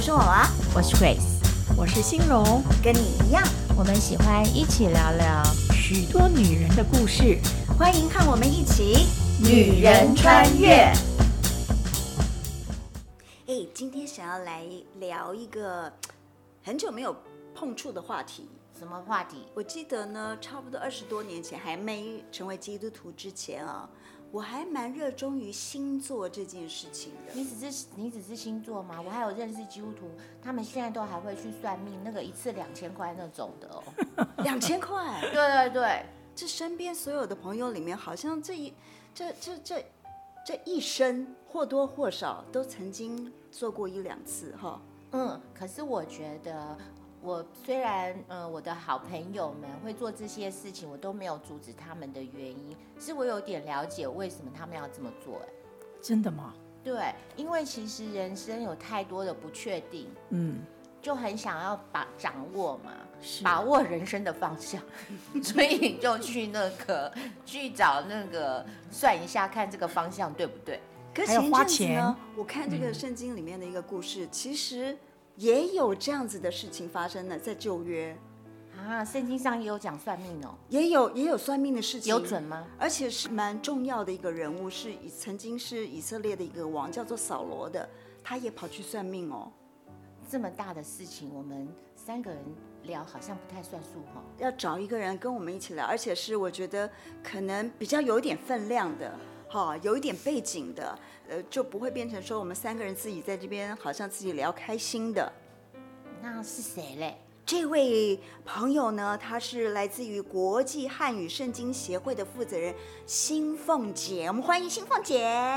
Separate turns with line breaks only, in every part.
我是我啊，我是 Grace，我是欣榮，跟你一樣，我們喜歡一起聊聊許多女人的故事，
歡迎和我們一起
女
人穿
越。哎，今天想要來聊一個很久沒有碰觸的話題，什麼話題？我記得呢，差不多二十多年前，還沒成為基督徒之前啊、哦。我還蠻熱衷於星座這件事情的。你
只是你只是星座嗎？我還有認識基督徒，他們現在都還會去算命，那個一次兩千塊那種的
哦。 兩千塊？對對對，這身邊所有的朋友裡面，好像這一、這這這這一生或多或少都曾經做過一兩次哈。嗯，可是我覺得。我雖然，呃，我的好朋
友們會做這些事情，我都沒有阻止他們的原因，是我有點了解為什麼他們要這麼做、欸。哎，
真的嗎？
對，因為其實人生有太多的不確定，嗯，就很想要把掌握嘛，是把握人生的方向，嗯、所以就去那個 去找那個算一
下，嗯、看這個方向對不對？還要花錢呢。嗯嗯、我看這個聖經裡面的一個故事，其實。也有這樣子的事情發生了，在舊約，啊，聖經上也有講算命哦，也有也有算命的事情，有準嗎？而且是蠻重要的一個人物，是以曾經是以色列的一個王，叫做掃羅的，他也跑去算命哦。
這麼大的事情，我們三個人聊好像不太算數哈，
要找一個人跟我們一起聊，而且是我覺得可能比較有一點分量的，哈，有一點背景的。呃，就不會變成說我們三個人自己在這邊好像自己聊開心的。那是誰嘞？這位朋友呢，他是來自於國際漢語聖經協會的負責人新鳳姐。我們歡迎新鳳姐。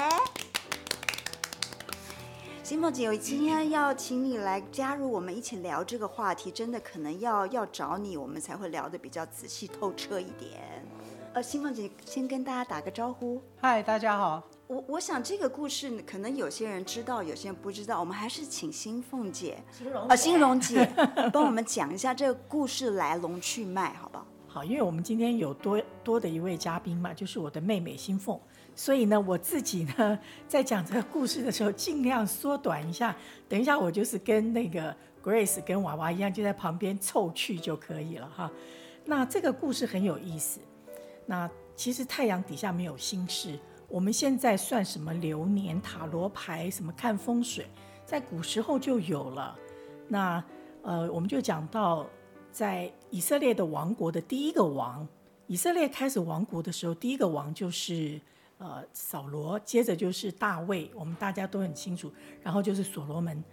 新鳳姐，我今天要請你來加入我們一起聊這個話題，真的可能要要找你，我們才會聊得比較仔細透徹一點。呃，新鳳姐先跟大家打個招呼。
嗨，大家好。
我我想這個故事可能有些人知道，有些人不知道。我們還是請
新鳳姐，
啊、哦，新榮姐幫我們講一
下這個故事來龍去脈，好不好？好，因為我們今天有多多的一位嘉賓嘛，就是我的妹妹新鳳，所以呢，我自己呢在講這個故事的時候盡量縮短一下。等一下我就是跟那個 Grace 跟娃娃一樣，就在旁邊湊趣就可以了哈。那這個故事很有意思。那其實太陽底下沒有新事。我們現在算什麼流年塔羅牌，什麼看風水，在古時候就有了。那呃，我們就講到，在以色列的王國的第一個王，以色列開始王國的時候，第一個王就是呃掃羅，接着就是大衛，我們大家都很清楚。然後就是所羅門。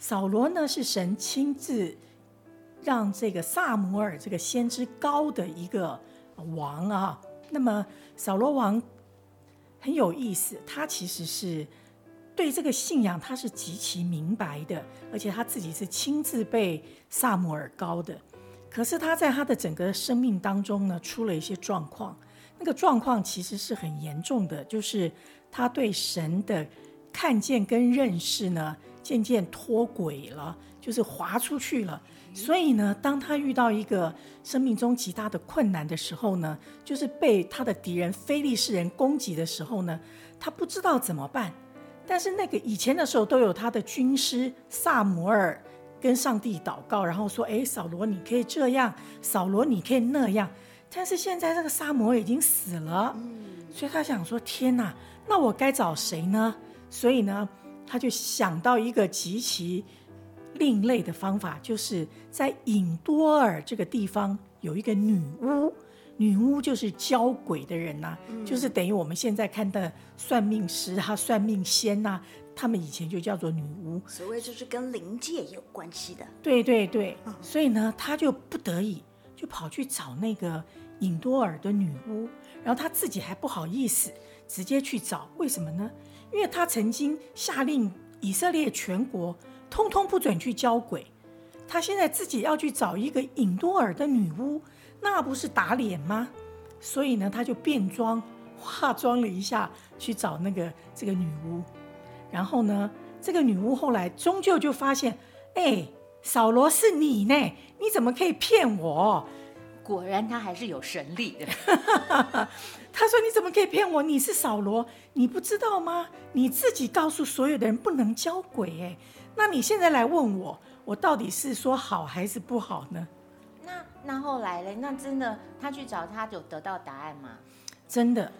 掃羅呢是神親自讓這個撒母耳這個先知膏的一個王啊。那麼掃羅王。很有意思，他其實是對這個信仰，他是極其明白的，而且他自己是親自被撒母耳膏的。可是他在他的整個生命當中呢，出了一些狀況，那個狀況其實是很嚴重的，就是他對神的看見跟認識呢，漸漸脫軌了，就是滑出去了。所以呢，當他遇到一個生命中極大的困難的時候呢，就是被他的敵人非利士人攻擊的時候呢，他不知道怎麼辦。但是那個以前的時候都有他的軍師撒母耳跟上帝禱告，然後說：“哎，掃羅你可以這樣，掃羅你可以那樣。”但是現在這個撒母耳已經死了，所以他想說：“天哪，那我該找誰呢？”所以呢，他就想到一個極其。另類的方法就是在隱多珥這個地方有一個女巫，女巫就是交鬼的人吶、啊，嗯、就是等於我們現在看的算命師、啊、他算命仙吶、啊，他們以前就叫做女巫。
所謂就是跟靈界有關係的。
對對對，嗯、所以呢，他就不得已就跑去找那個隱多珥的女巫，然後他自己還不好意思直接去找，為什麼呢？因為他曾經下令以色列全國。通通不准去交鬼。他現在自己要去找一個隱多珥的女巫，那不是打臉嗎？所以呢，他就變裝化妝了一下去找那個這個女巫，然後呢，這個女巫後來終究就發現，哎，掃羅是你呢，你怎麼可以騙我？果然他還是有神力的。 他說：“你怎麼可以騙我？你是掃羅，你不知道嗎？你自己告訴所有的人不能交鬼，哎，那你現在來問我，我到底是說好還是不好呢？”
那那後來嘞，那真的，他去找他有得到答案嗎？
真的，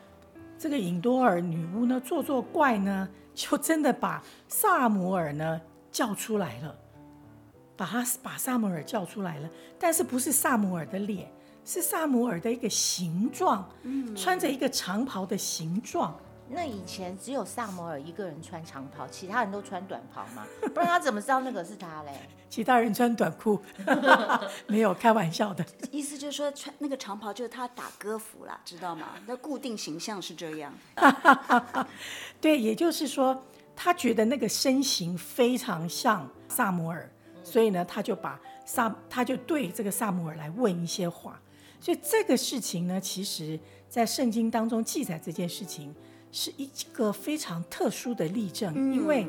這個隱多珥女巫呢，做做怪呢，就真的把撒母耳呢叫出來了，把他把撒母耳叫出來了，但是不是撒母耳的臉。是撒母耳的一個形狀，
穿着一個
長袍的形狀、
嗯。那以前只有撒母耳一個人穿長袍，其他人都穿短袍嘛？不然他怎麼知
道那個是他嘞？
其他人穿短褲， 沒有開玩笑的。
意思就是說，穿那個長袍就是他打歌服啦，知道嗎？那固定形象是這樣。
對，也就是說，他覺得那個身形非常像撒母耳，嗯、所以呢，他就把撒，他就對這個撒母耳來問一些話。所以這個事情呢，其實在聖經當中記載這件事情是一個非常特殊的例證，因為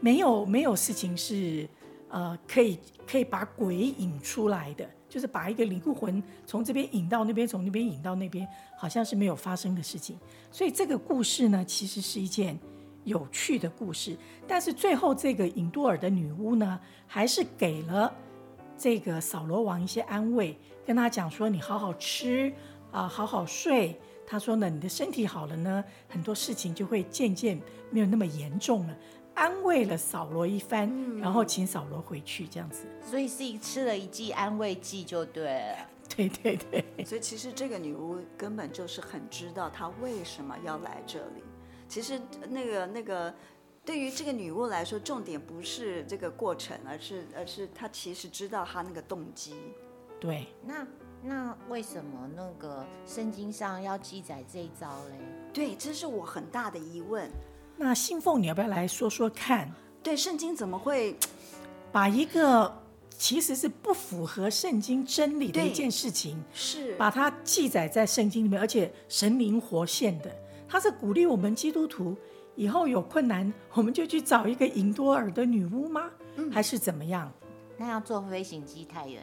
沒有沒有事情是呃可以可以把鬼引出來的，就是把一個靈魂從這邊引到那邊，從那邊引到那邊，好像是沒有發生的事情。所以這個故事呢，其實是一件有趣的故事，但是最後這個隱多珥的女巫呢，還是給了。這個掃羅王一些安慰，跟他講說：“你好好吃啊，呃，好好睡。”他說：“呢，你的身體好了呢，很多事情就會漸漸沒有那麼嚴重了。”安慰了掃羅一番，然後請掃羅回去這樣子，嗯。
所以是一吃了一劑安慰劑就對了，
對對對。
所以其實這個女巫根本就是很知道她為什麼要來這裡。其實那個那個。對於這個女巫來說，重點不是這個過程，而是而是她其實知道她那個動機。對，那那為什麼那個聖經上要記載這一招嘞？對，這是我很大的疑問。
那信奉，你要不要來說說看？對，聖經怎麼會把一個其實是不符合聖經真理的一件事情，是把它記載在聖經裡面，而且神靈活現的，它是鼓勵我們基督徒以後有困難，我們就去找一個隱多珥的女巫嗎？嗯、還是怎麼樣？
那要坐飛行機太遠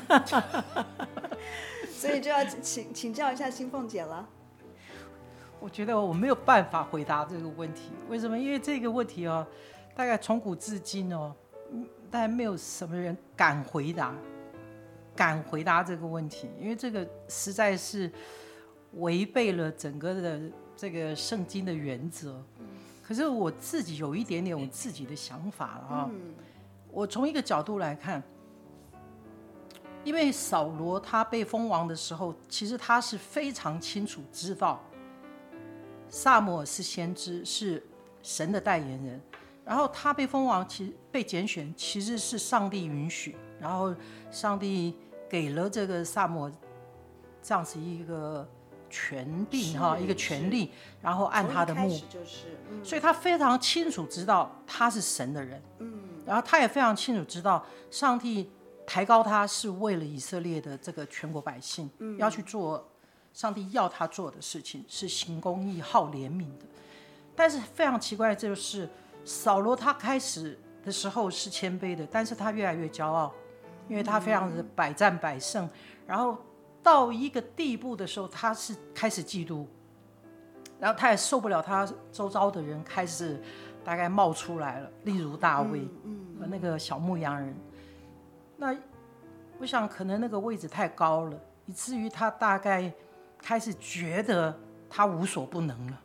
了，
所以就要請請教一下新鳳姐了。
我覺得我沒有辦法回答這個問題，為什麼？因為這個問題哦，大概從古至今哦，大概沒有什麼人敢回答，敢回答這個問題，因為這個實在是違背了整個的這個聖經的原則。可是我自己有一點點我自己的想法了，哦、我從一個角度來看，因為掃羅他被封王的時候，其實他是非常清楚知道，撒母耳是先知，是神的代言人。然後他被封王，其被揀選其實是上帝允許，然後上帝給了這個撒母耳這樣子一個。權力哈，是一個權力，是然後按他的目，就是嗯、所以，他非常清楚知道他是神的人，嗯，然後他也非常清楚知道上帝抬高他是為了以色列的這個全國百姓，嗯、要去做上帝要他做的事情，是行公義、好憐憫的。嗯、但是非常奇怪的，就是掃羅他開始的時候是謙卑的，但是他越來越驕傲，
因為他非常的
百戰百勝，嗯、然後。到一個地步的時候，他是開始嫉妒，然後他也受不了他周遭的人開始大概冒出來了，例如大衛，和那個小牧羊人。那我想可能那個位置太高了，以至於他大概開始覺得他無所不能了，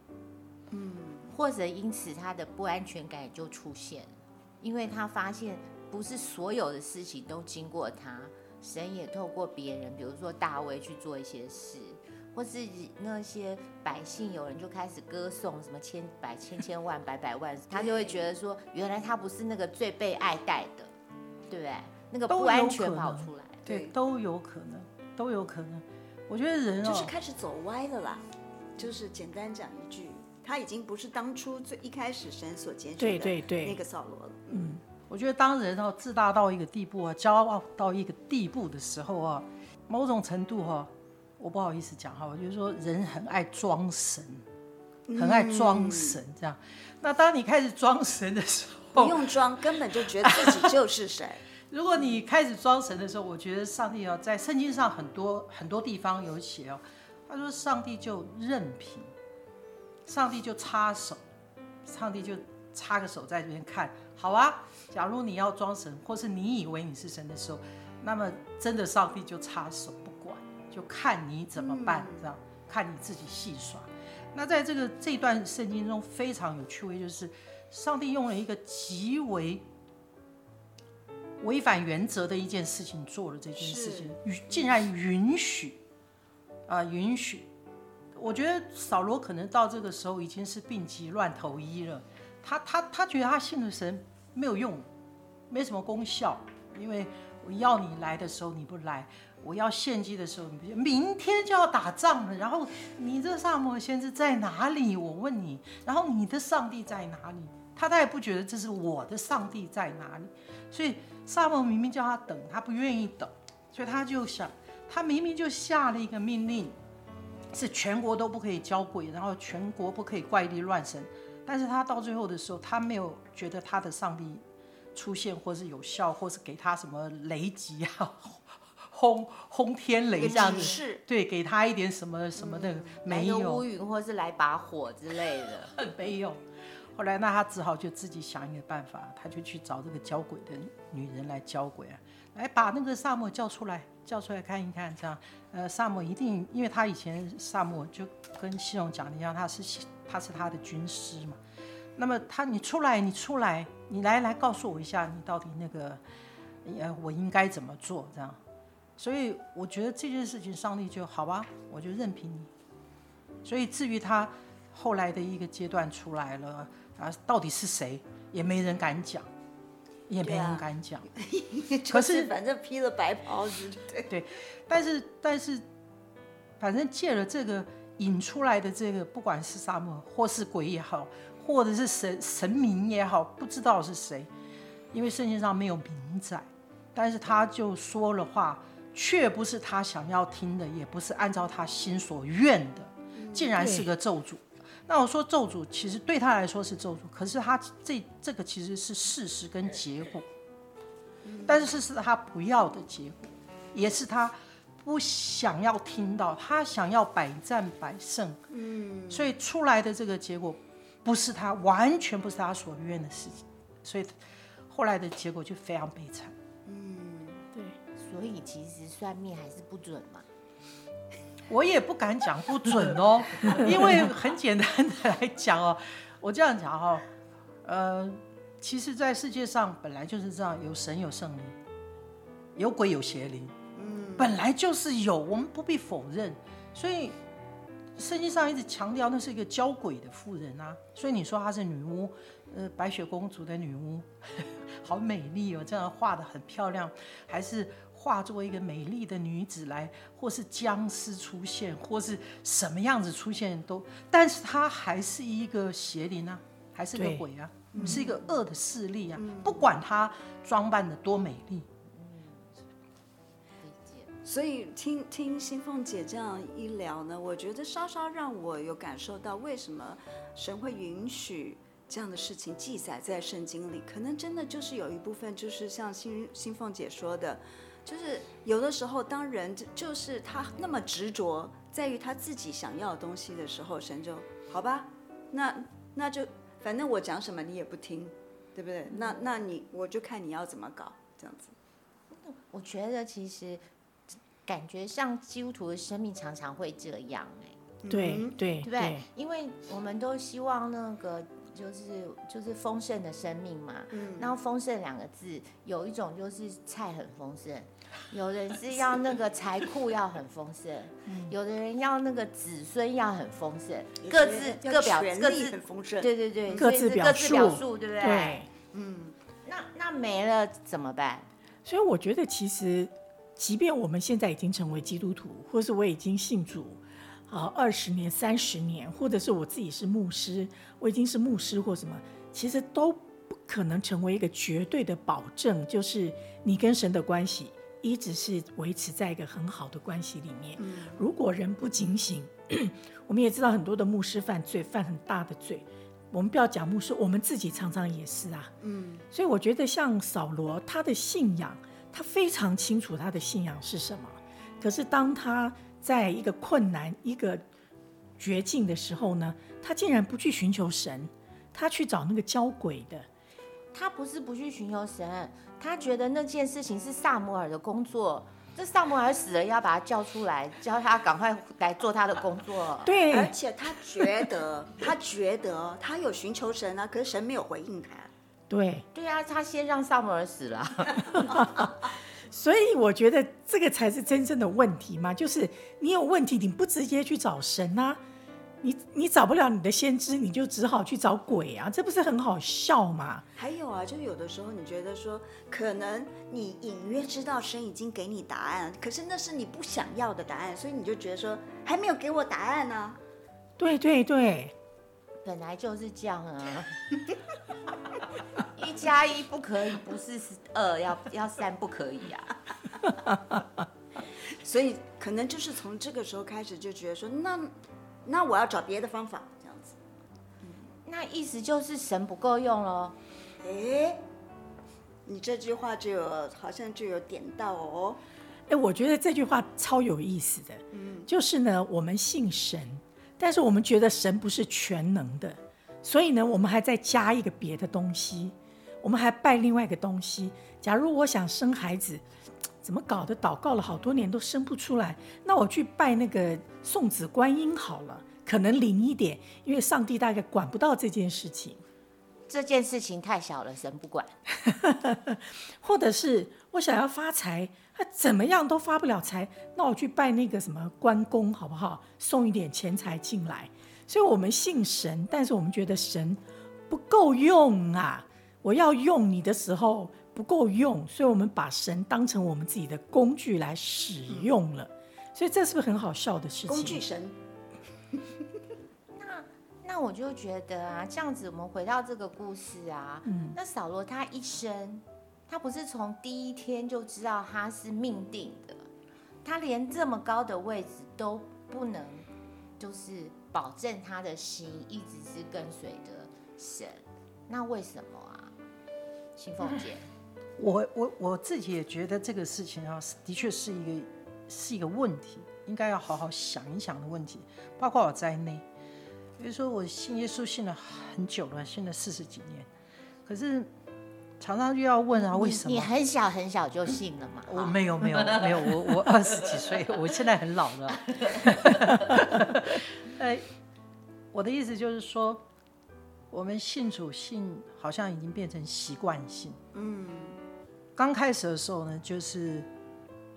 或者因此他的不安全感就出現了，因為他發現不是所有的事情都經過他。神也透過別人，比如說大衛去做一些事，或是那些百姓，有人就開始歌頌什麼千百千千萬百百萬，他就會覺得說，原來他不是那個最被愛
戴的，
對，
那個不安全跑出
來，對，都有可能，都有可能。我覺得人哦，就是開
始走歪了啦。就是簡單講一句，他已經不是當初最一開始神所揀選的，對，那個掃羅了。對對對
我覺得當人自大到一個地步啊，驕傲到一個地步的時候啊，某種程度哈，我不好意思講哈，我覺得說人很愛裝神，
很愛裝神
這樣。那當你開始裝神的時候，不用裝，根本就覺得自己就是誰 如果你開始裝神的時候，我覺得上帝在聖經上很多很多地方有寫哦，尤其他說上帝就任憑，上帝就插手，上帝就。插個手在這邊看好啊！假如你要裝神，或是你以為你是神的時候，那麼真的上帝就插手不管，就看你怎麼辦，這樣、嗯、看你自己戲耍。那在這個這段聖經中非常有趣味，就是上帝用了一個極為違反原則的一件事情做了這件事情，是與竟然允許啊、呃、允許。我覺得掃羅可能到這個時候已經是病急亂投醫了。他他他覺得他信的神沒有用，沒什麼功效，因為我要你來的時候你不來，我要獻祭的時候你不獻，明天就要打仗了，然後你這撒母耳先知在哪裡？我問你，然後你的上帝在哪裡？他他也不覺得這是我的上帝在哪裡，所以撒母耳明明叫他等，他不願意等，所以他就想，他明明就下了一個命令，是全國都不可以交鬼，然後全國不可以怪力亂神。但是他到最後的時候，他沒有覺得他的上帝出現，或是有效，或是給他什麼雷擊啊，轟轟天雷這樣子。是對，給他一點什麼什麼的，嗯、沒有烏雲，或是來把火之類的。沒有。後來，那他只好就自己想一個辦法，他就去找這個交鬼的女人來交鬼啊，來把那個撒母耳叫出來，叫出來看一看，這樣。呃，撒母耳一定，因為他以前撒母耳就跟掃羅講的呀，他是。他是他的軍師嘛，那麼他，你出來，你出來，你來來告訴我一下，你到底那個，呃，我應該怎麼做？這樣，所以我覺得這件事情，上帝就好吧，我就任憑你。所以至於他後來的一個階段出來了，啊，到底是誰，也沒人敢講，也沒人敢講。可是反正披著白袍子，對對，但是但是，反正借了這個。引出來的這個，不管是撒母耳或是鬼也好，或者是神神明也好，不知道是誰，因為聖經上沒有明載，但是他就說了話，卻不是他想要聽的，也不是按照他心所願的，竟然是個咒詛。對那我說咒詛，其實對他來說是咒詛，可是他這這個其實是事實跟結果，但是事實他不要的結果，也是他不想要聽到，他想要百戰百勝，嗯，所以出來的這個結果，不是他完全不是他所願的事情，所以後來的結果就非常悲慘，嗯，對，所以其實算命還是不準嘛，我也不敢講不準哦， 因為很簡單的來講哦，我這樣講哈、哦，呃，其實，在世界上本來就是這樣，有神有聖靈，有鬼有邪靈。本來就是有，我們不必否認。所以聖經上一直強調，那是一個交鬼的婦人啊。所以你說她是女巫，呃，白雪公主的女巫， 好美麗哦，這樣畫得很漂亮，還是化作一個美麗的女子來，或是僵屍出現，或是什麼樣子出現都，但是她還是一個邪靈啊，還是個鬼啊，對是一個惡的勢力啊，嗯、不管她裝扮得多美麗。所以聽聽
新鳳姐這樣一聊呢，我覺得稍稍讓我有感受到為什麼神會允許這樣的事情記載在聖經裡，可能真的就是有一部分就是像新新鳳姐說的，就是有的時候當人就是他那麼執着在於他自己想要的東西的時候，神就好吧，那那就反正我講什麼你也不聽，對不對？那那你我就看你要怎麼搞這樣子。
我覺得其實。感覺像基督徒的生命常常會這樣欸對
對對，對對
因為我們都希望那個就是就是豐盛的生命嘛，嗯、mm，hmm. 然後“豐盛”兩個字，有一種就是菜很豐盛，有人是要那個財庫要很豐盛， 有的人要那個子孫要很豐盛,很豐盛各各，各自各表各自豐盛，對對對，各自各自表述，對不對？對嗯，那那沒
了怎麼辦？所以我覺得其實。即便我們現在已經成為基督徒，或是我已經信主，啊，二十年、三十年，或者是我自己是牧師，我已經是牧師或什麼，其實都不可能成為一個絕對的保證，就是你跟神的關係一直是維持在一個很好的關係裡面。嗯，如果人不警醒，我們也知道很多的牧師犯罪，犯很大的罪。我們不要講牧師，我們自己常常也是啊。嗯，所以我覺得像掃羅，他的信仰。他非常清楚他的信仰是什麼，可是當他在一個困難、一個絕境的時候呢，他竟然不去尋求神，他去找那個交鬼的。
他不是不去尋求神，他覺得那件事情是撒母耳的工作，這撒母耳死了，要把他叫出來，
叫他趕快來做他的工作。對，而且他覺得， 他覺得他有尋求神啊，可是神沒有回應他。對對啊，他先讓撒母耳
死了，啊， 所以我覺得這個才是真正的問題嘛。就是你有問題，你不直接去找神啊，你你找不了你的先知，你就只好去找鬼啊，這不是很好笑嗎？
還有啊，就有的時候你覺得說，可能你隱約知道神已經給你答案，可是那是你不想要的答案，所以你就覺得說還沒有給我答案呢，啊。
對對對。本
來就是這樣啊，一加一不可以，不是
二，要要三不可以啊，所以可能就是從這個時候開始就覺得說那，那那我要找別的方法，這樣子、嗯，那意思就是神不夠用咯。哎，你這句話就有好像就有點到哦、
嗯。哎，我覺得這句話超有意思的，就是呢，我們信神。但是我們覺得神不是全能的，所以呢，我們還再加一個別的東西，我們還拜另外一個東西。假如我想生孩子，怎麼搞的？禱告了好多年都生不出來，那我去拜那個送子觀音好了，可能靈一點，因為上帝大概管不到這件事情。
這件事情太小了，神不管。
或者是我想要發財，他怎麼樣都發不了財，那我去拜那個什麼關公好不好？送一點錢財進來。所以我們信神，但是我們覺得神不夠用啊！我要用你的時候不夠用，所以我們把神當成我們自己的工具來使用了。所以這是不是很好笑的事情？工具神。
那我就覺得啊，這樣子我們回到這個故事啊，嗯、那掃羅他一生，他不是從第一天就知道他是命定的，嗯、他連這麼高的位置都不能，就是保證他的心一直是跟隨的神，那為什麼啊？秦鳳姐，
我我我自己也覺得這個事情啊，是的確是一個是一個問題，應該要好好想一想的問題，包括我在內。所以說我信耶穌信了很久了，信了四十幾年，可是常常又要問啊，你為什麼？你
很小很小就信了嗎？嗯啊、我沒有，沒有， 沒有。我我二十幾歲，我現
在很老了。 哎，我的意思就是說，我們信主信好像已經變成習慣性。嗯，剛開始的時候呢，就是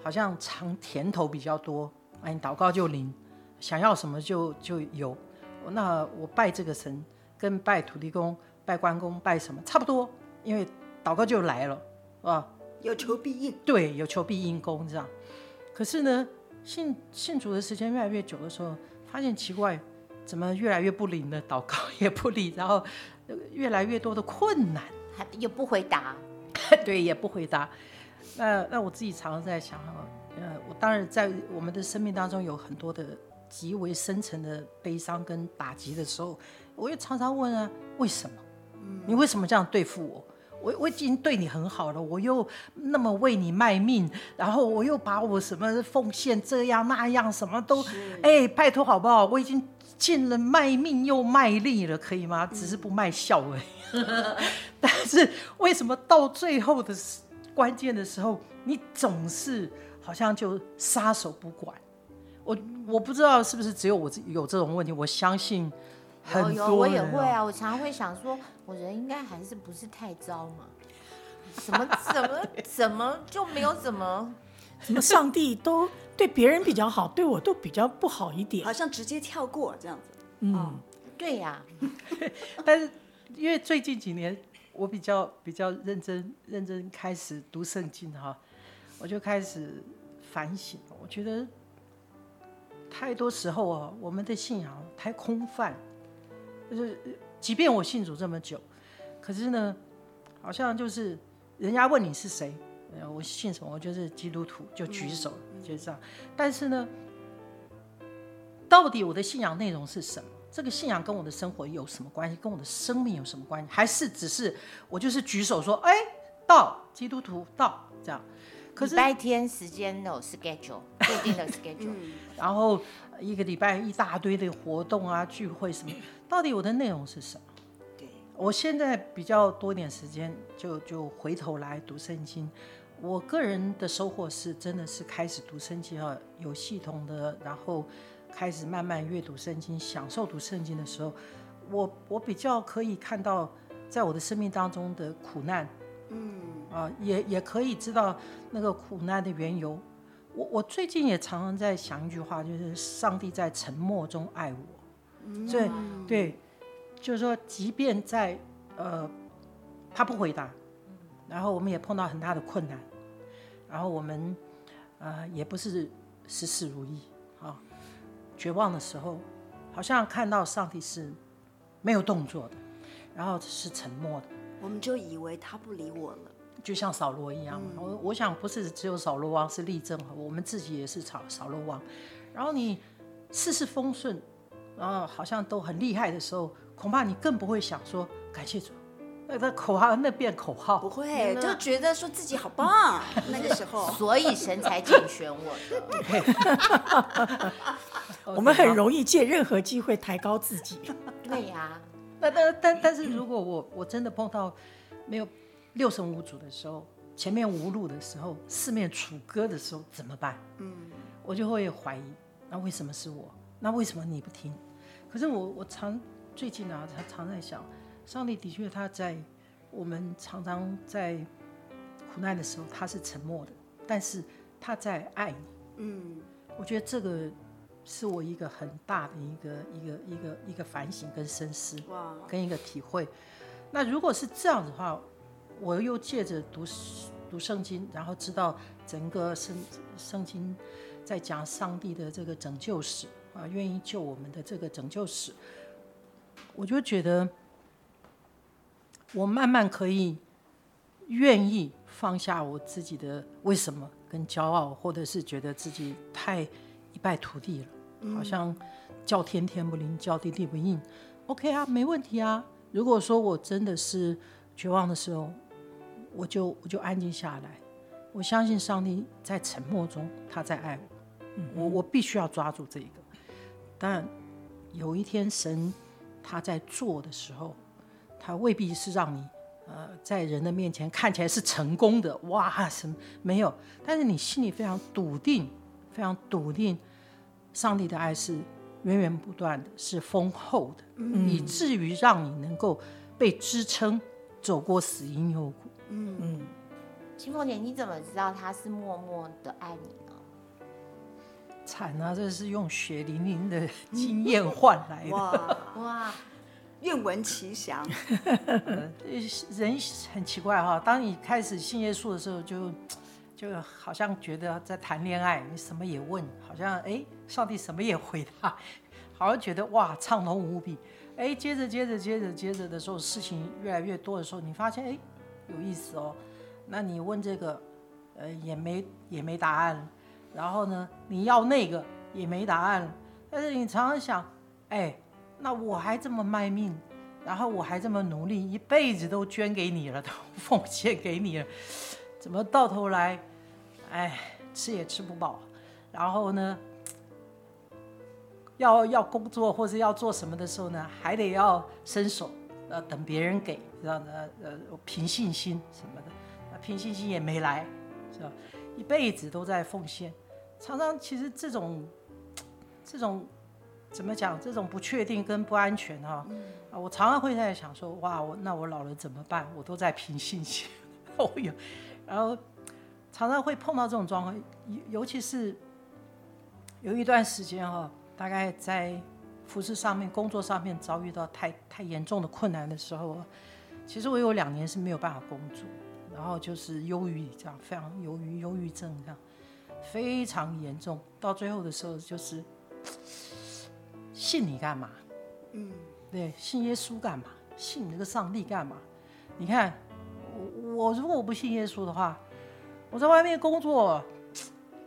好像嘗甜頭比較多，哎，禱告就靈，想要什麼就就有。那我拜這個神，跟拜土地公、拜關公、拜什麼差不多，因為禱告就來了，啊，有求必應，對，有求必應公這樣。可是呢，信信主的時間越來越久的時候，發現奇怪，怎麼越來越不靈呢？禱告也不靈，然後越來越多的困難，也不回答， 對，也不回答。那那我自己常常在想，呃，我當然在我們的生命當中有很多的，極為深沉的悲傷跟打擊的時候，我又常常問啊，為什麼？你為什麼這樣對付我？我我已經對你很好了，我又那麼為你賣命，然後我又把我什麼奉獻這樣那樣什麼都，哎是、欸，拜托好不好？我已經盡了賣命又賣力了，可以嗎？只是不賣笑而已。嗯、
但
是為什麼到最後的關鍵的時候，你總是好像就撒手不管？我我不知道是不是只有我有這種問題，我相信很，很有，有我也會啊，我
常常會想說，我人應該還是不是太糟嘛？什麼
怎麼 對怎麼就沒有怎麼？怎麼上帝都對別人比較好， 對
我都比較不好一點？ 好像直接跳過這樣子。嗯，對呀。但是因為最近幾年我比較比較認真認真開始讀聖經哈，我就開始反省，我覺得。太多時候哦，我們的信仰太空泛。就是即便我信主這麼久，可是呢，好像就是人家問你是誰，我信什麼，我就是基督徒，就舉手，就是這樣。但是呢，到底我的信仰內容是什麼？這個信仰跟我的生活有什麼關係？跟我的生命有什麼關係？還是只是我就是舉手說，哎，到基督徒，到這樣。禮拜
天時間有 schedule
固定的，的 schedule， 嗯、然後一個禮拜一大堆的活動啊，聚會什麼，到底我的內容是什麼？對，我現在比較多點時間就，就就回頭來讀聖經。我個人的收穫是真的是開始讀聖經啊，有系統的，然後開始慢慢閱讀聖經，享受讀聖經的時候，我我比較可以看到在我的生命當中的苦難。嗯啊，也也可以知道那個苦難的緣由。我我最近也常常在想一句話，就是上帝在沉默中愛我。嗯，所以，對，就是說，即便在呃他不回答，然後我們也碰到很大的困難，然後我們呃也不是事事如意啊，絕望的時候，好像看到上帝是沒有動作的，然後是沉默的。我們就以為他不理我了，就像掃羅一樣。嗯、我我想不是只有掃羅王是例證，我們自己也是掃掃羅王。然後你事事風順，然後好像都很厲害的時候，恐怕你更不會想說感謝主，那，那口號那變口號，不會呢就覺
得說自己好棒，啊嗯、那個時
候，
所以神才揀
選
我。我們很容易借任
何機會抬高自己。好對呀，啊。但但，但是，如果我我真的碰到沒有六神無主的時候，前面無路的時候，四面楚歌的時候，怎麼辦？嗯，我就會懷疑，那為什麼是我？那為什麼你不聽？可是我我常最近啊，他常在想，上帝的確他在我們常常在苦難的時候，他是沉默的，但是他在愛你。嗯，我覺得這個。是我一個很大的一個一個一個一個反省跟深思哇，跟一個體會。那如果是這樣子的話，我又借着讀讀聖經，然後知道整個聖聖經在講上帝的這個拯救史啊，願意救我們的這個拯救史，我就覺得我慢慢可以願意放下我自己的為什麼跟驕傲，或者是覺得自己太一敗塗地了。好像叫天天不靈，叫地地不應，OK 啊，沒問題啊。如果說我真的是絕望的時候，我就我就安靜下來，我相信上帝在沉默中他在愛我，嗯，我我必須要抓住這一個。但有一天神他在做的時候，他未必是讓你呃在人的面前看起來是成功的哇什麼沒有，但是你心裡非常篤定，非常篤定。上帝的愛是源源不斷的，是豐厚的，嗯、以至於讓你能夠被支撐走過死蔭幽谷。嗯，嗯
清鳳姐，你怎麼知道他是默默的愛你呢？
慘啊！這是用血淋淋的經驗換來的。 哇哇！願聞其詳。 人很奇怪哈、哦，當你開始信耶穌的時候就，就就好像覺得在談戀愛，你什麼也問，好像哎。上帝什麼也回答，好像覺得哇暢通無比。哎，接着、接着、接着、接着的時候，事情越來越多的時候，你發現哎有意思哦。那你問這個，呃也沒也沒答案。然後呢，你要那個也沒答案。但是你常常想，哎，那我還這麼賣命，然後我還這麼努力，一輩子都捐給你了，都奉獻給你了，怎麼到頭來，哎吃也吃不飽，然後呢？要要工作或者要做什麼的時候呢，還得要伸手，呃，等別人給，知道呢，呃，憑信心什麼的，啊，憑信心也沒來，是吧？一輩子都在奉獻，常常其實這種，這種怎麼講？這種不確定跟不安全哈、哦嗯啊，我常常會在想說，哇，我那我老了怎麼辦？我都在憑信心，哦 喲，然後常常會碰到這種狀況，尤尤其是有一段時間哈、哦。大概在服事上面、工作上面遭遇到太太嚴重的困難的時候，其實我有兩年是沒有辦法工作，然後就是憂鬱這樣，非常憂鬱、憂鬱症這樣，非常嚴重。到最後的時候，就是信你幹嘛？嗯，對，信耶穌幹嘛？信那個上帝幹嘛？你看，我，我如果我不信耶穌的話，我在外面工作。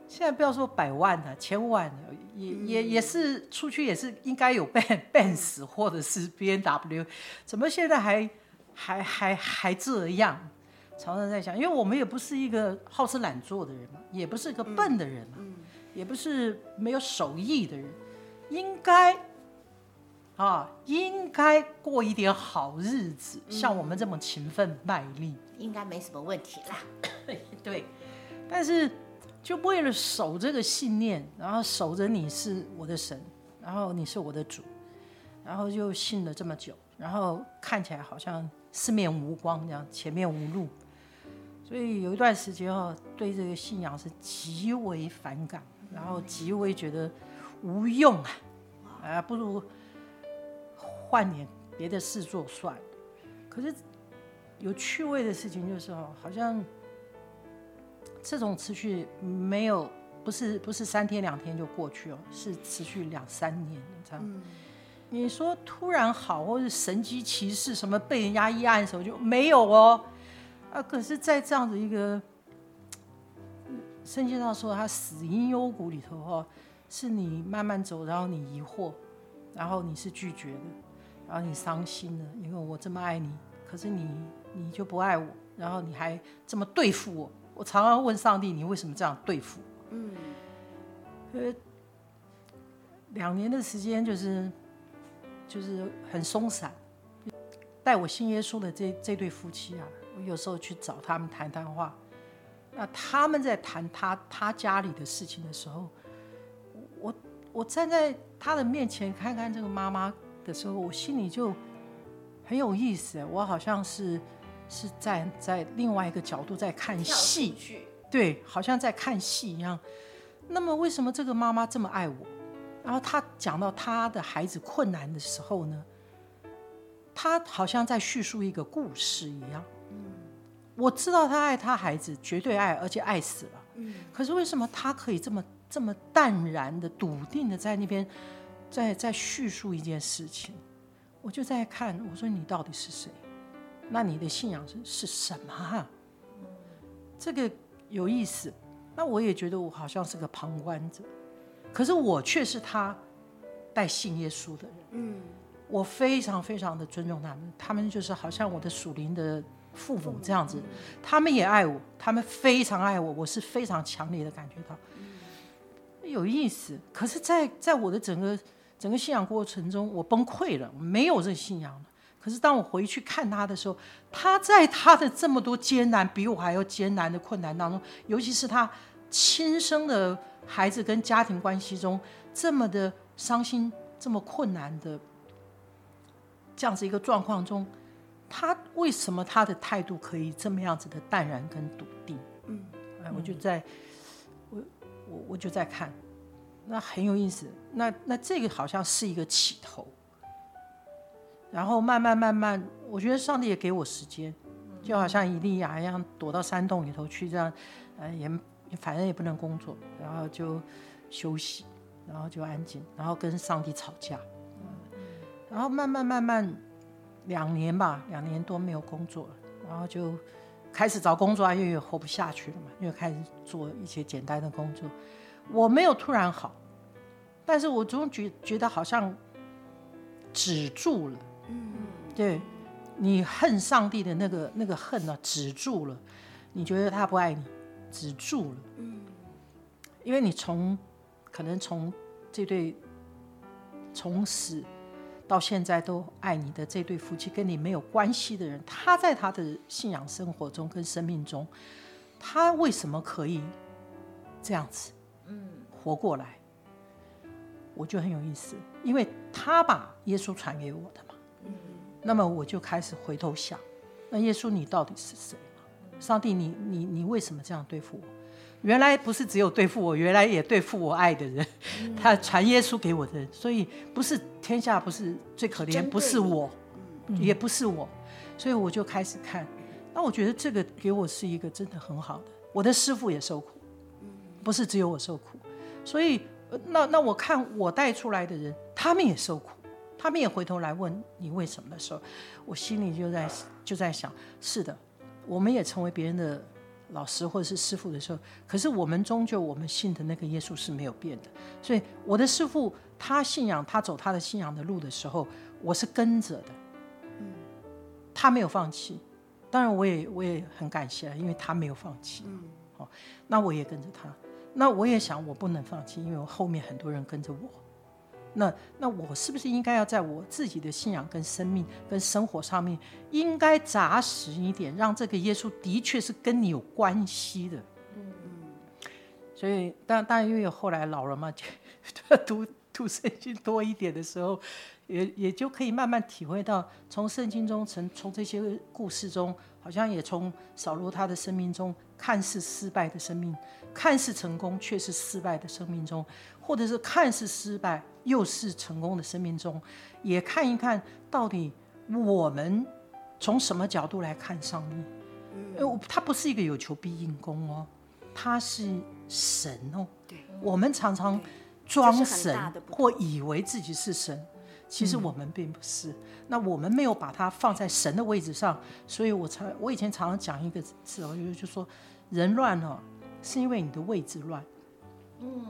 現在不要說百萬了，啊，千萬、啊、也、嗯、也也是出去也是應該有 Benz 或者是 BMW，怎麼現在還還還還這樣？常常在想，因為我們也不是一個好吃懶做的人嘛，也不是個笨的人嘛、啊，嗯、也不是沒有手藝的人，應該啊應該過一點好日子，嗯、像我們這麼勤奮賣力，
應該沒什麼問題啦。
對，但是。就為了守這個信念，然後守着你是我的神，然後你是我的主，然後又信了這麼久，然後看起來好像四面無光這樣，前面無路，所以有一段時間哦，對這個信仰是極為反感，然後極為覺得無用啊，啊，不如換點別的事做算了。可是有趣味的事情就是哦，好像。這種持續沒有不是不是三天兩天就過去哦，是持續兩三年這樣。嗯、你說突然好，或是神蹟奇事什麼被人家一按的時候，就沒有哦，啊！可是，在這樣子一個聖經上說，他死蔭幽谷裡頭哈，是你慢慢走，然後你疑惑，然後你是拒絕的，然後你傷心了，因為我這麼愛你，可是你你就不愛我，然後你還這麼對付我。我常常問上帝：“你為什麼這樣對付嗯？”嗯，呃，兩年的時間就是就是很鬆散。帶我信耶穌的這這對夫妻啊，我有時候去找他們談談話。那，啊，他們在談他他家裡的事情的時候，我我站在他的面前看看這個媽媽的時候，我心裡就很有意思。我好像是。是站在，在另外一個角度在看戲，對，好像在看戲一樣。那麼為什麼這個媽媽這麼愛我？然後她講到她的孩子困難的時候呢，她好像在敘述一個故事一樣。嗯，我知道她愛她孩子，絕對愛，是而且愛死了。嗯，可是為什麼她可以這麼這麼淡然的、篤定的在那邊在在敘述一件事情？我就在看，我說你到底是誰？那你的信仰是、是什麼？這個有意思。那我也覺得我好像是個旁觀者，可是我卻是他帶信耶穌的人。
嗯，
我非常非常的尊重他們，他們就是好像我的屬靈的父母這樣子。他們也愛我，他們非常愛我，我是非常強烈的感覺到。有意思。可是在、在在我的整個整個信仰過程中，我崩潰了，沒有這個信仰了。可是當我回去看他的時候，他在他的這麼多艱難，比我還要艱難的困難當中，尤其是他親生的孩子跟家庭關係中，這麼的傷心、這麼困難的這樣子一個狀況中，他為什麼他的態度可以這麼樣子的淡然跟篤定？嗯，嗯，我就在，我我我就在看，那很有意思。那那這個好像是一個起頭。然後慢慢慢慢，我覺得上帝也給我時間，就好像以利亞一樣躲到山洞裡頭去這樣，呃也反正也不能工作，然後就休息，然後就安靜，然後跟上帝吵架，然後慢慢慢慢兩年吧，兩年多沒有工作了，然後就開始找工作，因為也活不下去了嘛，又開始做一些簡單的工作。我沒有突然好，但是我總覺覺得好像止住了。嗯，對你恨上帝的那個那個恨啊，止住了。你覺得他不愛你，止住了。嗯，因為你從可能從這對從死到現在都愛你的這對夫妻跟你沒有關係的人，他在他的信仰生活中跟生命中，他為什麼可以這樣子嗯活過來？我就很有意思，因為他把耶穌傳給我的。嗯，那麼我就開始回頭想，那耶穌你到底是誰嗎？上帝你，你你你為什麼這樣對付我？原來不是只有對付我，原來也對付我愛的人，嗯、他傳耶穌給我的，所以不是天下不是最可憐，不是我，嗯、也不是我，所以我就開始看，那我覺得這個給我是一個真的很好的，我的師傅也受苦，不是只有我受苦，所以那那我看我帶出來的人，他們也受苦。他們也回頭來問，你為什麼的時候，我心裡就在就在想，是的，我們也成為別人的老師或者是師傅的時候，可是我們終究我們信的那個耶穌是沒有變的。所以我的師傅他信仰他走他的信仰的路的時候，我是跟着的，嗯，他沒有放棄，當然我也我也很感謝，因為他沒有放棄，嗯，那我也跟着他，那我也想我不能放棄，因為我後面很多人跟着我。那那我是不是應該要在我自己的信仰跟生命跟生活上面，應該扎實一點，讓這個耶穌的確是跟你有關係的。對所以，當當然，因為後來老了嘛，就要讀讀，讀聖經多一點的時候，也也就可以慢慢體會到，從聖經中，從從這些故事中，好像也從掃羅他的生命中，看似失敗的生命，看似成功卻是失敗的生命中。或者是看似失敗又是成功的生命中，也看一看到底我們從什麼角度來看上帝？哎、嗯，我他不是一個有求必應公哦，他是神哦。對、嗯，我們常常裝神或以為自己是神，是其實我們並不是。那我們沒有把他放在神的位置上，所以我常我以前常常講一個詞，我、哦、就是就說人亂了、哦、是因為你的位置亂。
嗯。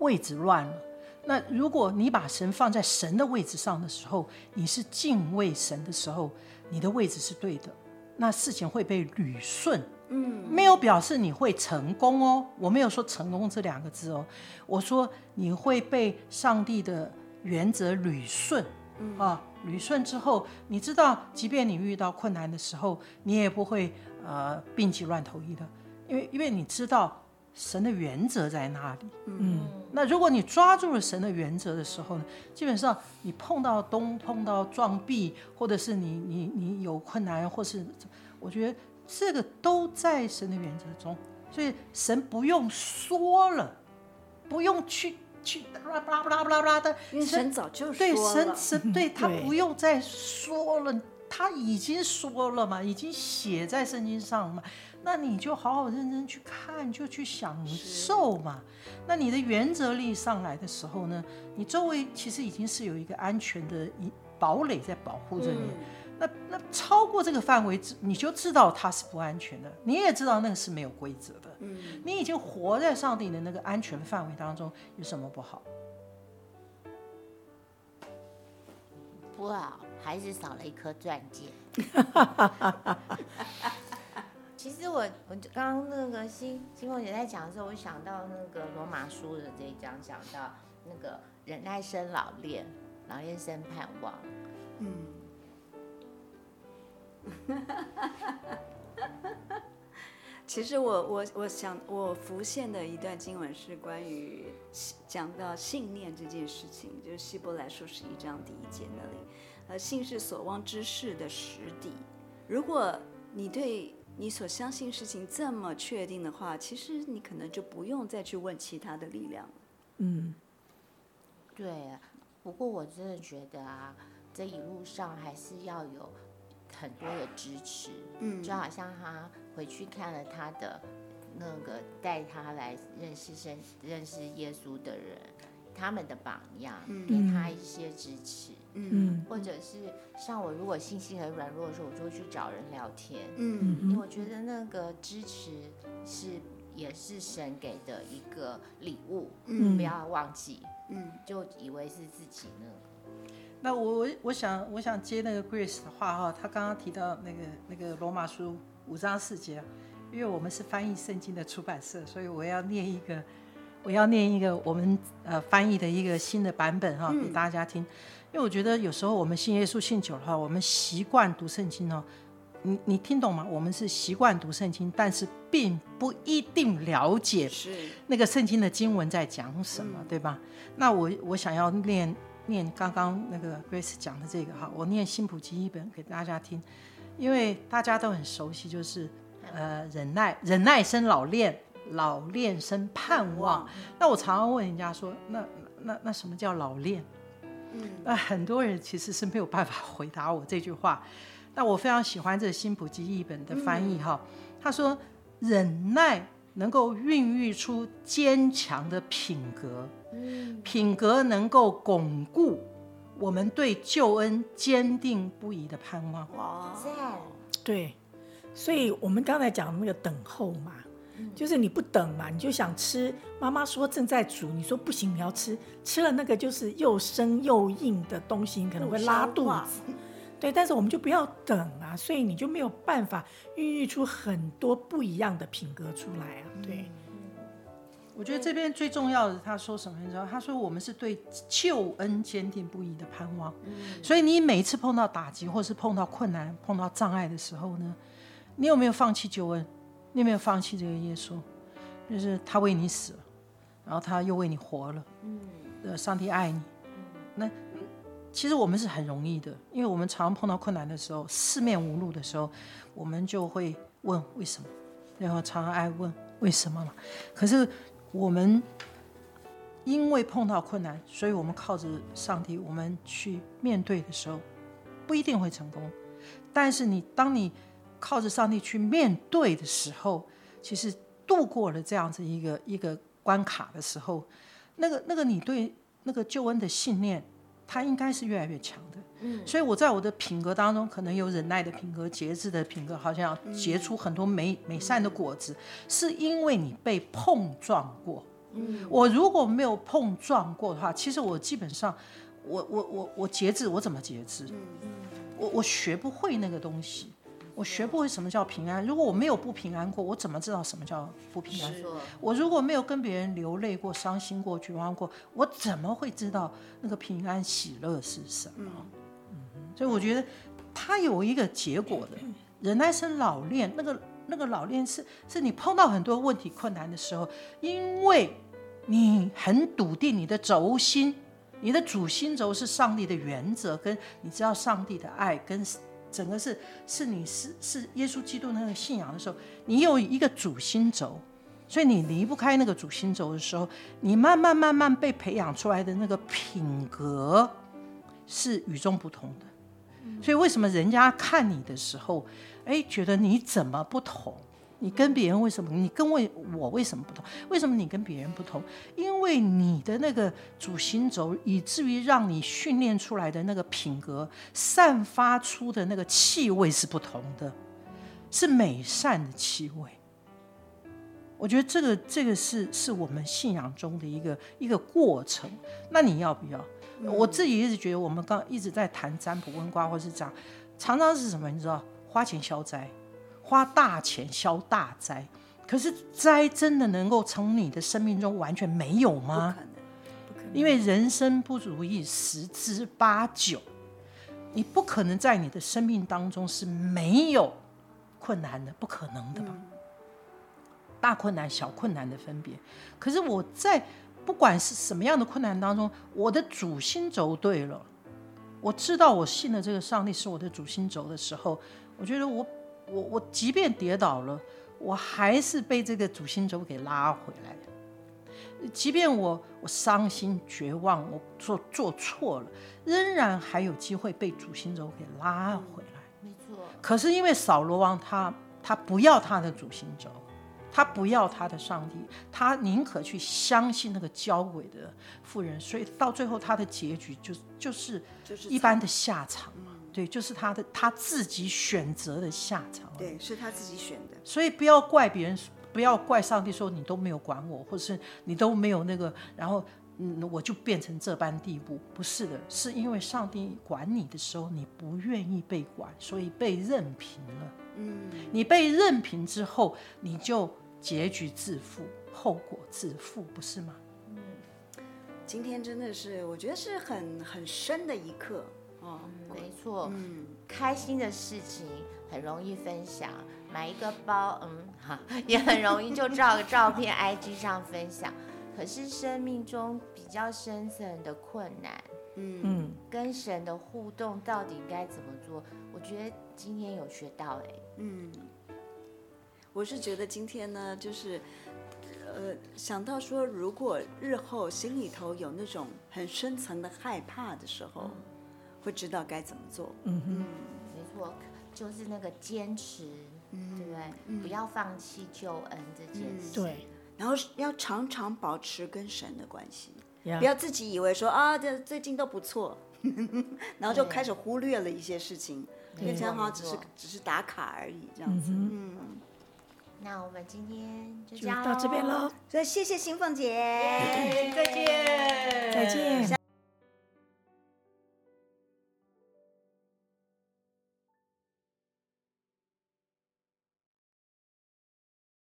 位置亂了，那如果你把神放在神的位置上的時候，你是敬畏神的時候，你的位置是對的，那事情會被捋順。嗯，沒有表示你會成功哦，我沒有說成功這兩個字哦，我說你會被上帝的原則捋順。嗯，啊，捋順之後，你知道，即便你遇到困難的時候，你也不會呃病急亂投醫的，因為因為你知道。神的原則在哪裡？嗯，那如果你抓住了神的原則的時候呢，基本上你碰到東碰到撞壁，或者是你你你有困難，或是我覺得這個都在神的原則中，所以神不用說了，不用去去啦啦啦啦的，啦因為神早就說了神神神神對神神對他不用再說了，對他已經說了嘛，已經寫在聖經上了嘛。那你就好好認真去看，就去享受嘛。是那你的原則力上來的時候呢，你周圍其實已經是有一個安全的堡壘在保護着你。嗯、那那超過這個範圍，你你就知道它是不安全的。你也知道那個是沒有規則的。嗯、你已經活在上帝的那個安全範圍當中，有什麼不好？
不好，還是少了一顆鑽戒。 其實我我剛剛那個新新鳳姐在講的時候，我想到那個羅馬書的這一章，想到那個忍耐生老練，老練生盼望。嗯，
其實我我我想我浮現的一段經文是關於講到信念這件事情，就是希伯來書十一章第一節那裡，呃，信是所望之事的實底。如果你對你所相信事情這麼確定的話，其實你可能就不用再去問其他的力量了。
嗯，
對。不過我真的覺得啊，這一路上還是要有
很多的支持。嗯，就好像他回去看了他的那個帶他來認識神、認識耶穌的人，他們的榜樣，給、嗯、他一些支持。嗯，或者是像我，如果信心很軟弱的時候，我就會去找人聊天。嗯，因為我覺得那個支持是也是神給的一個禮物，嗯，不要忘記。嗯，就以為是自己呢、那個。
那我我想我想接那個 Grace 的話哈，他剛剛提到那個那個羅馬書五章四節，因為我們是翻譯聖經的出版社，所以我要念一個，我要念一個我們呃翻譯的一個新的版本哈，給大家聽。嗯因為我覺得有時候我們信耶穌信久的話我們習慣讀聖經哦，你你聽懂嗎？我們是習慣讀聖經，但是並不一定了解是那個聖經的經文在講什麼，是對吧？那我我想要念念剛剛那個 Grace 講的這個哈，我念新普及一本給大家聽，因為大家都很熟悉，就是呃，忍耐，忍耐生老練，老練生盼望。嗯，那我常常問人家說，那那那什麼叫老練？那、嗯、很多人其實是沒有辦法回答我這句話，但我非常喜歡這新普及譯本的翻譯哈，他、嗯、說，忍耐能夠孕育出堅強的品格，嗯、品格能夠鞏固我們對救恩堅定不移的盼望。哦，對，對，所以我們剛才講的那個等候嘛。
就是你不等嘛，啊，你就想吃。媽媽說正在煮，你說不行，你要吃。吃了那個就是又生又硬的東西，你可能會拉肚子。對，但是我們就不要等啊，所以你就沒有辦法孕育出很多不一樣的品格出來啊。對，
我覺得這邊最重要的，他說什麼？你知道，他說我們是對救恩堅定不移的盼望。嗯。所以你每一次碰到打擊，或是碰到困難、碰到障礙的時候呢，你有沒有放棄救恩？你沒有放棄這個耶穌，就是他為你死了，然後他又為你活了。嗯，上帝愛你。那其實我們是很容易的，因為我們常常碰到困難的時候，四面無路的時候，我們就會問為什麼，然後常常愛問為什麼嘛。可是我們因為碰到困難，所以我們靠着上帝，我們去面對的時候，不一定會成功。但是你當你。靠着上帝去面對的時候，其實度過了這樣子一個一個關卡的時候，那個那個你對那個救恩的信念，它應該是越來越強的。嗯，所以我在我的品格當中，可能有忍耐的品格、節制的品格，好像要結出很多美，嗯，美善的果子，是因為你被碰撞過。我如果沒有碰撞過的話，其實我基本上，我我我我節制，我怎麼節制？我我學不會那個東西。我學不會什麼叫平安。如果我沒有不平安過，我怎麼知道什麼叫不平安？是我如果沒有跟別人流淚過、傷心過、絕望過，我怎麼會知道那個平安喜樂是什麼？嗯，嗯，所以我覺得他有一個結果的。忍耐生老練，那個那個老練是、是你碰到很多問題困難的時候，因為你很篤定你的軸心，你的主心軸是上帝的原則，跟你知道上帝的愛，跟整個是是你是是耶穌基督那個信仰的時候，你有一個主心軸，所以你離不開那個主心軸的時候，你慢慢慢慢被培養出來的那個品格是與眾不同的，嗯、所以為什麼人家看你的時候，哎，覺得你怎麼不同？你跟別人為什麼？你跟我，我為什麼不同？為什麼你跟別人不同？因為你的那個主心軸，以至於讓你訓練出來的那個品格散發出的那個氣味是不同的，是美善的氣味。我覺得這個這個是是我們信仰中的一個一個過程。那你要不要？我自己一直覺得，我們剛一直在談占卜問卦或是這樣，常常是什麼？你知道，花錢消災。花大錢消大災，可是災真的能夠從你的生命中完全沒有嗎？不可能，不可能因為人生不如意十之八九，你不可能在你的生命當中是沒有困難的，不可能的吧。嗯、大困難、小困難的分別，可是我在不管是什麼樣的困難當中，我的主心軸對了，我知道我信了這個上帝是我的主心軸的時候，我覺得我。我我，即便跌倒了，我還是被這個主心軸給拉回來的。即便我我傷心絕望，我做做錯了，仍然還有機會被主心軸給拉回來。嗯，沒錯。可是因為掃羅王他他不要他的主心軸，他不要他的上帝，他寧可去相信那個交鬼的婦人，所以到最後他的結局就就是就是一般的下場嘛。對，就是他的他自己選擇的下場。
對，是他自己選的。
所以不要怪別人，不要怪上帝，說你都沒有管我，或者是你都沒有那個，然後嗯，我就變成這般地步。不是的，是因為上帝管你的時候，你不願意被管，所以被任憑了。嗯。你被任憑之後，你就結局自負，後果自負，不是嗎？嗯。
今天真的是，我覺得是很很深的一刻。哦、嗯，沒錯，嗯，開心的事
情很容易分享，買一個包，嗯，哈好，也很容易就照個照片，IG 上分享。 可是生命中比較深層的困難，嗯，嗯，跟神的互動到底該怎麼做？我覺得
今天有學到哎，
嗯，
我是覺得今天呢，就是，呃，想到說，如果日後心裡頭有那種很深層的害怕的時候，會知道該怎麼做，嗯哼，沒錯，就是那個堅持，對不對？不要放棄救恩這
件
事。對，然後要常常保持跟神的關係，不要自己以為說啊，這最近都不錯，然後就開始忽略了，一些事情變成好像只是只是打卡而已這樣子。
嗯，那我們今天就
到這邊了，所以謝謝新鳳姐，再見，再見。